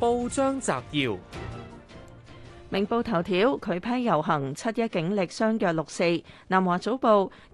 報章摘要：《明報》頭條拒批遊行，七一警力相約六四；《南華早報》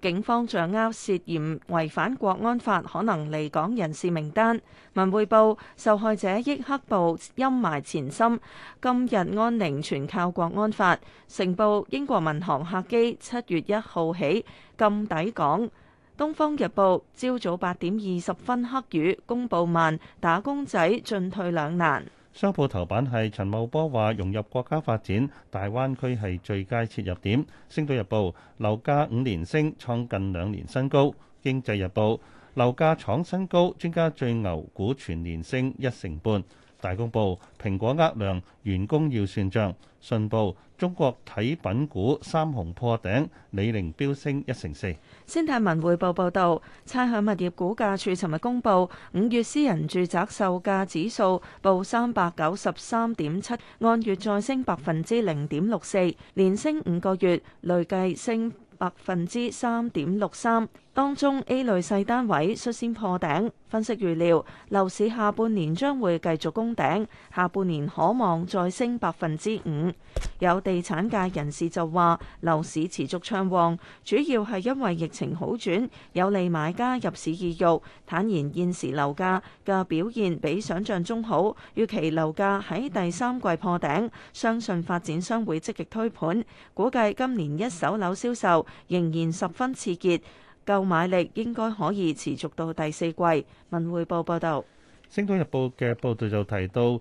警方掌握涉嫌違反國安法可能離港人士名單；《文匯報》受害者憶黑暴陰霾纏身，今日安寧全靠國安法；《成報》英國民航客機七月一號起禁抵港；《東方日報》朝早八點二十分黑雨，公布慢打工仔進退兩難。商鋪頭版係陳茂波話融入國家發展，大灣區係最佳切入點。星島日報樓價五年升，創近兩年新高。經濟日報樓價創新高，專家最牛股全年升一成半。大公報，蘋果額糧員工要算賬。信報：中國體品股三雄破頂，李寧飆升一成四。先睇文匯報報道：「差餉物業估價署尋日公布五月私人住宅售價指數報三百九十三點七，按月再升百分之零點六四，連升五個月，累計升百分之三點六三。當中 A 類細單位率先破頂，分析預料樓市下半年將會繼續攻頂，下半年可望再升百分之五。有地產界人士就話：樓市持續暢旺，主要係因為疫情好轉，有利買家入市意欲。坦言現時樓價嘅表現比想像中好，預期樓價喺第三季破頂，相信發展商會積極推盤，估計今年一手樓銷售仍然十分刺激。購買力應該可以持續到第四季。文匯報報導，《星島日報》嘅報道就提到，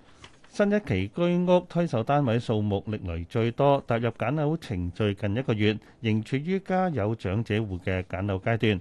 新一期居屋推售單位數目歷來最多，踏入揀樓程序近一個月，仍處於家有長者戶嘅揀樓階段。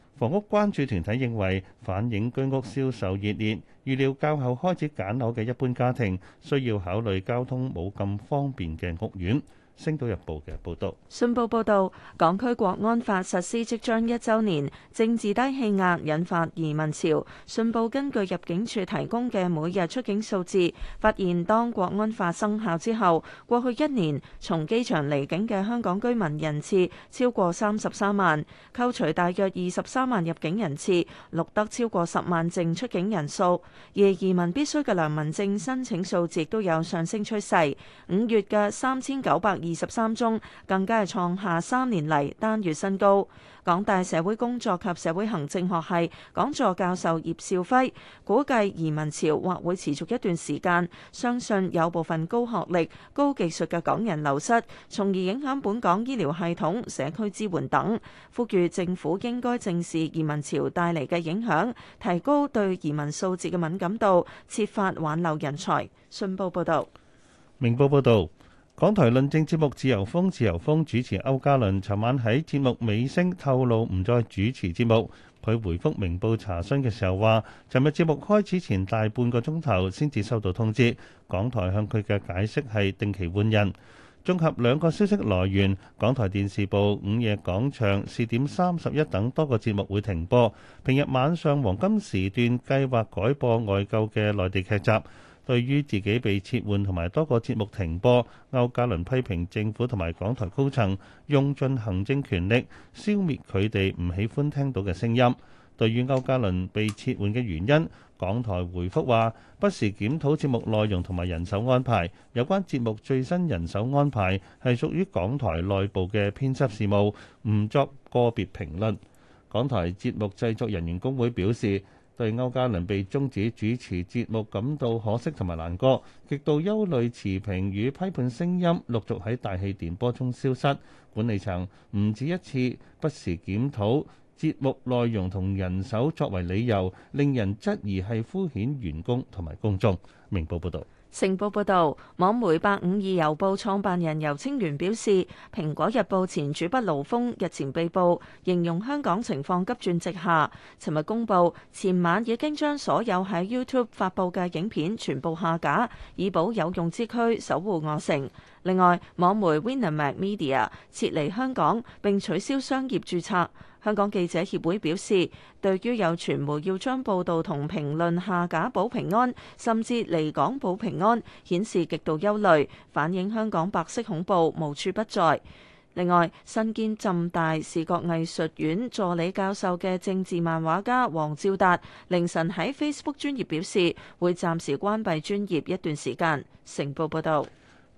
房屋關注團體認為反映居屋銷售熱烈，預料較後開始揀樓嘅一般家庭需要考慮交通冇咁方便嘅屋苑。星島日報嘅報道，信報報道，港區國安法實施即將一周年，政治低氣壓引發移民潮。信報根據入境處提供嘅每日出境數字，發現，當國安法生效之後，過去一年從機場離境嘅香港居民人次超過三十三萬，扣除大約二十三萬入境人次，錄得超過十萬淨出境人數，而移民必須嘅良民證申請數字都有上升趨勢，五月嘅三千九百二十三宗，更加係創下三年嚟單月新高。港大社會工作及社會行政學系講座教授葉兆輝估計移民潮或會持續一段時間，相信有部分高學歷高技術嘅港人流失，從而影響本港醫療系統、社區支援等。呼籲政府應該正視移民潮帶嚟嘅影響，提高對移民數字嘅敏感度，設法挽留人才。信報報道，明報報道。港台論政節目《自由風》《自由風》主持歐嘉倫，尋晚喺節目尾聲透露唔再主持節目。佢回覆明報查詢嘅時候話，尋日節目開始前大半個鐘頭先至收到通知。港台向佢嘅解釋係定期換人。綜合兩個消息來源，港台電視部午夜廣場、四點三十一等多個節目會停播。平日晚上黃金時段計劃改播外購嘅內地劇集。對於自己被撤換同埋多個節目停播，區家麟批評政府同埋港台高層用盡行政權力消滅佢哋唔喜歡聽到嘅聲音。對於區家麟被撤換嘅原因，港台回覆話不時檢討節目內容同埋人手安排，有關節目最新人手安排係屬於港台內部嘅編輯事務，唔作個別評論。港台節目製作人員工會表示，對歐嘉倫被終止主持節目感到可惜同埋難過，極度憂慮持平與批判聲音陸續喺大氣電波中消失。管理層唔止一次不時檢討節目內容同人手，作為理由令人質疑係敷衍員工同埋公眾。明報報導。成報報導，網媒八五二郵報創辦人游清源表示，蘋果日報前主筆盧峯日前被捕，形容香港情況急轉直下。尋日公佈，前晚已經將所有喺 YouTube 發布嘅影片全部下架，以保有用之軀，守護我城。另外，網媒 Winandmac Media 撤離香港並取消商業註冊。香港記者協會表示，對於有傳媒要將報導同評論下架保平安，甚至離港保平安，顯示極度憂慮，反映香港白色恐怖無處不在。另外，身兼浸大視覺藝術院助理教授嘅政治漫畫家黃照達凌晨喺 Facebook 專頁表示，會暫時關閉專頁一段時間。成報報道。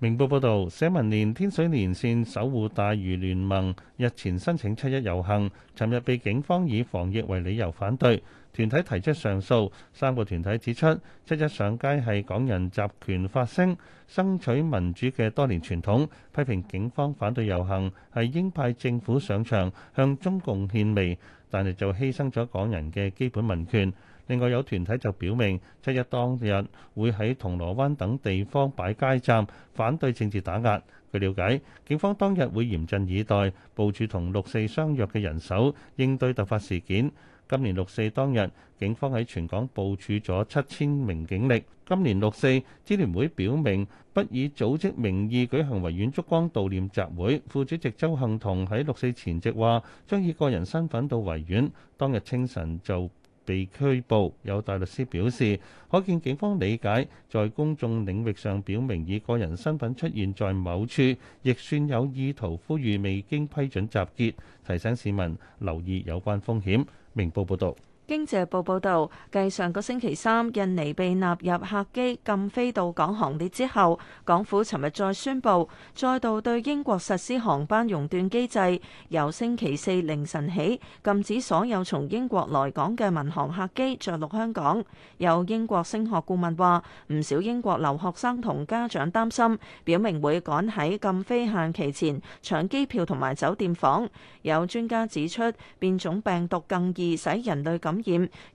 明報報導，社民連天水連線守護大嶼聯盟日前申請七一遊行，尋日被警方以防疫為理由反對，團體提出上訴。三個團體指出，七一上街係港人集權發聲、爭取民主嘅多年傳統，批評警方反對遊行係鷹派政府上場向中共獻媚，但係就犧牲咗港人嘅基本民權。另外有團體就表明，七一當日會喺銅鑼灣等地方擺街站，反對政治打壓。據瞭解，警方當日會嚴陣以待，部署同六四相約嘅人手應對突發事件。今年六四當日，警方喺全港部署咗七千名警力。今年六四，支聯會表明不以組織名義舉行維園燭光悼念集會。副主席鄒幸彤喺六四前夕話，將以個人身份到維園。當日清晨就被拘捕，有大律師表示，可見警方理解，在公眾領域上表明以個人身份出現在某處亦算有意圖呼籲未經批准集結，提醒市民留意有關風險，明報報道。《經濟報》報導，繼上個星期三印尼被納入客機禁飛到港行列之後，港府尋日再宣布再度對英國實施航班熔斷機制，由星期四凌晨起禁止所有從英國來港嘅民航客機着陸香港。有英國升學顧問話：唔少英國留學生同家長擔心，表明會趕喺禁飛限期前搶機票同埋酒店房。有專家指出，變種病毒更易使人類感。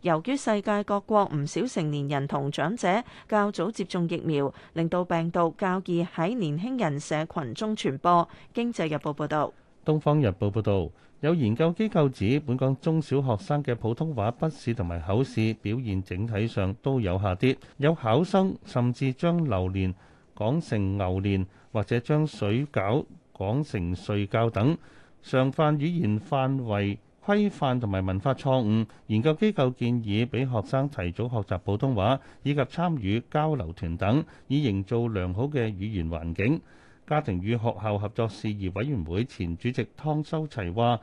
由於世界各國唔少成年人同長者較早接種疫苗，令到病毒較易喺年輕人社群中傳播。經濟日報報導。東方日報報導，有研究機構指，本港中小學生嘅普通話筆試同埋口試表現整體上都有下跌，有考生甚至將榴蓮講成牛蓮，或者將水餃講成睡覺等，常犯語言範圍規範同埋文法錯誤，研究機構建議俾學生提早學習普通話，以及參與交流團等，以營造良好嘅語言環境。家庭與學校合作事宜委員會前主席湯修齊話，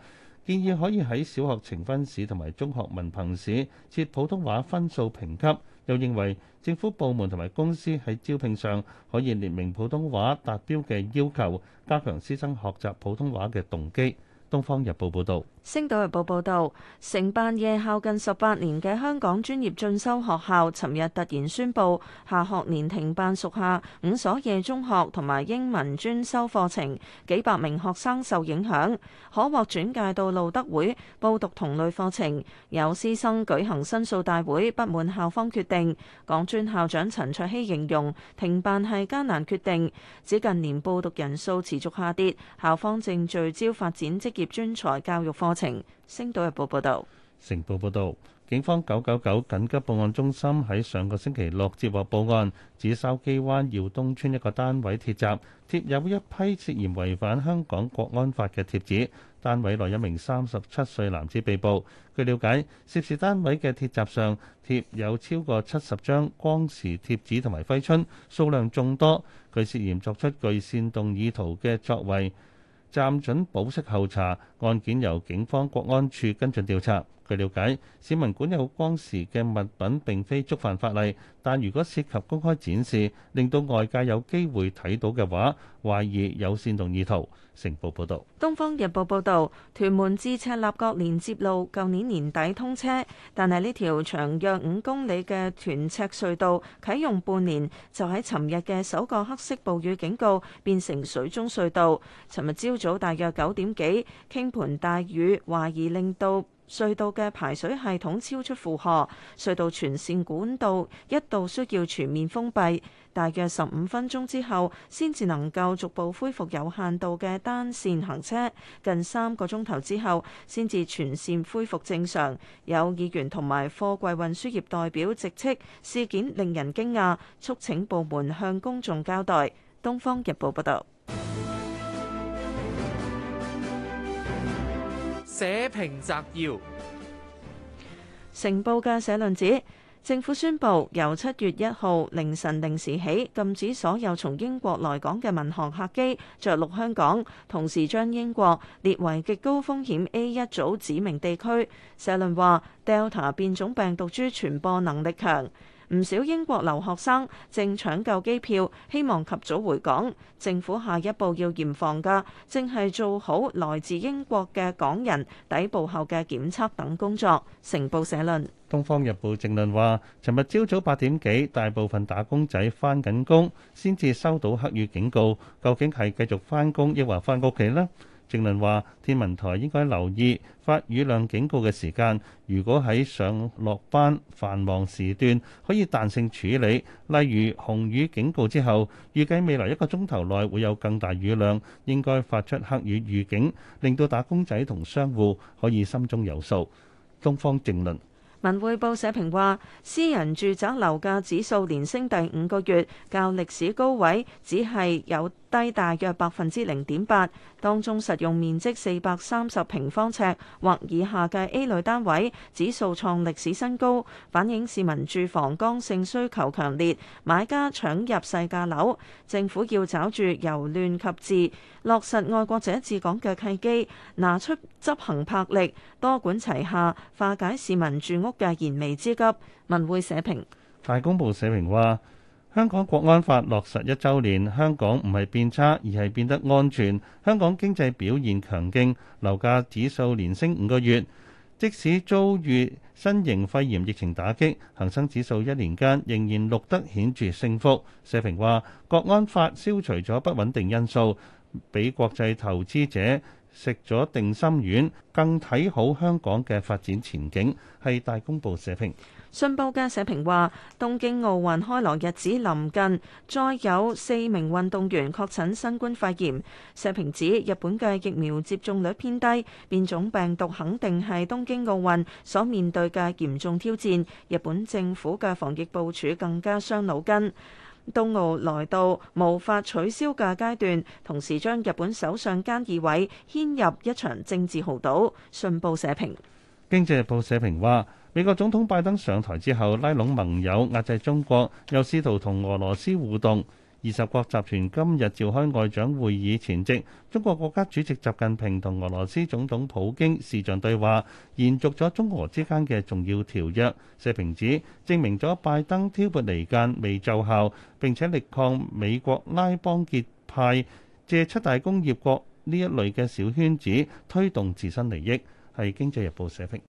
建議可以喺小學呈分試同埋中學文憑試設普通話分數評級。又認為政府部門同埋公司喺招聘上可以列明普通話達標嘅要求，加強師生學習普通話嘅動機。《東方日報》報導。星島日報報導，承辦夜校近十八年嘅香港專業進修學校，尋日突然宣布下學年停辦屬下五所夜中學同埋英文專修課程，幾百名學生受影響，可獲轉介到路德會報讀同類課程。有師生舉行申訴大會，不滿校方決定。港專校長陳卓希形容停辦係艱難決定，指近年報讀人數持續下跌，校方正聚焦發展職業專才教育課程。情《星島日報》報道：城報》報導，警方九九九緊急報案中心喺上個星期六接獲報案，指筲箕灣耀東邨一個單位鐵閘貼有一批涉嫌違反香港國安法嘅貼紙，單位內一名三十七歲男子被捕。據了解，涉事單位嘅鐵閘上貼有超過七十張光時貼紙同埋揮春，數量眾多，佢涉嫌作出具煽動意圖嘅作為。暫准保釋候查，案件由警方、國安處跟進調查。據了解，市民管有光時嘅物品並非觸犯法例，但如果涉及公開展示，令到外界有機會睇到嘅話，懷疑有煽動意圖。成報報道，《東方日報》報道，屯門至赤鱲角連接路舊年年底通車，但係呢條長約五公里嘅屯赤隧道啟用半年，就喺尋日嘅首個黑色暴雨警告變成水中隧道。尋日朝早大約九點幾傾盆大雨，懷疑令到。隧道嘅排水系統超出負荷，隧道全線管道一度需要全面封閉，大約十五分鐘之後先至能夠逐步恢復有限度嘅單線行車，近三個鐘頭之後先至全線恢復正常。有議員同埋貨櫃運輸業代表直斥事件令人驚訝，促請部門向公眾交代。《東方日報》報道。社評摘要：成報嘅社論指，政府宣布由七月一號凌晨零時起禁止所有從英國來港嘅民航客機着陸香港，同時將英國列為極高風險 A 一組指明地區。社論話，Delta 變種病毒株傳播能力強。唔少英國留學生正搶購機票，希望及早回港。政府下一步要嚴防嘅，正係做好來自英國嘅港人抵埗後嘅檢測等工作。成報社論。《東方日報》正論話：尋日朝早八點幾，大部分打工仔翻緊工，先至收到黑雨警告。究竟係繼續翻工，抑或翻屋企呢？正論話：天文台應該留意發雨量警告嘅時間，如果喺上落班繁忙時段，可以彈性處理。例如紅雨警告之後，預計未來一個鐘頭內會有更大雨量，應該發出黑雨預警，令到打工仔同商戶可以心中有數。東方正論。文匯報社評話，私人住宅樓價指數連升第五個月，較歷史高位只係有低大約百分之零點八。當中實用面積四百三十平方尺或以下嘅 A 類單位指數創歷史新高，反映市民住房剛性需求強烈，買家搶入細價樓。政府要抓住由亂及治，落實愛國者治港嘅契機，拿出執行魄力，多管齊下，化解市民住屋嘅燃眉之急，文匯社評大公報社評話，香港國安法落實一週年，香港唔係變差，而係變得安全。香港經濟表現強勁，樓價指數連升五個月，即使遭遇新型肺炎疫情打擊，恒生指數一年間仍然錄得顯著升幅。社評話，國安法消除咗不穩定因素，俾國際投資者食咗定心丸，更睇好香港嘅發展前景。係大公報社評，信報嘅社評話東京奧運開鑼日子臨近，再有四名運動員確診新冠肺炎。社評指日本嘅疫苗接種率偏低，變種病毒肯定係東京奧運所面對嘅嚴重挑戰，日本政府嘅防疫部署更加傷腦筋。東奧來到無法取消嘅階段，同時將日本首相菅義偉牽入一場政治豪賭。信報社評。經濟日報社評話：美國總統拜登上台之後，拉攏盟友壓制中國，又試圖同俄羅斯互動。二十國集團今日召開外長會議前夕，中國國家主席習近平同俄羅斯總統普京視像對話，延續咗中俄之間嘅重要條約。社評指，證明咗拜登挑撥離間未奏效，並且力抗美國拉幫結派，借七大工業國呢一類嘅小圈子推動自身利益，係《經濟日報》社評。